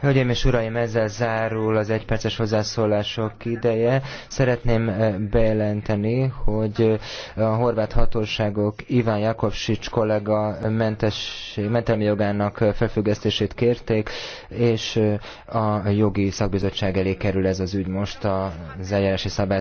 Hölgyeim és uraim, ezzel zárul az egyperces hozzászólások ideje. Szeretném eh, bejelenteni, hogy eh, a horvát hatóságok Iván Jakovsics kollega mentes, mentelmi jogának eh, felfüggesztését kérték, és a jogi szakbizottság elé kerül ez az ügy most az eljárási szabály.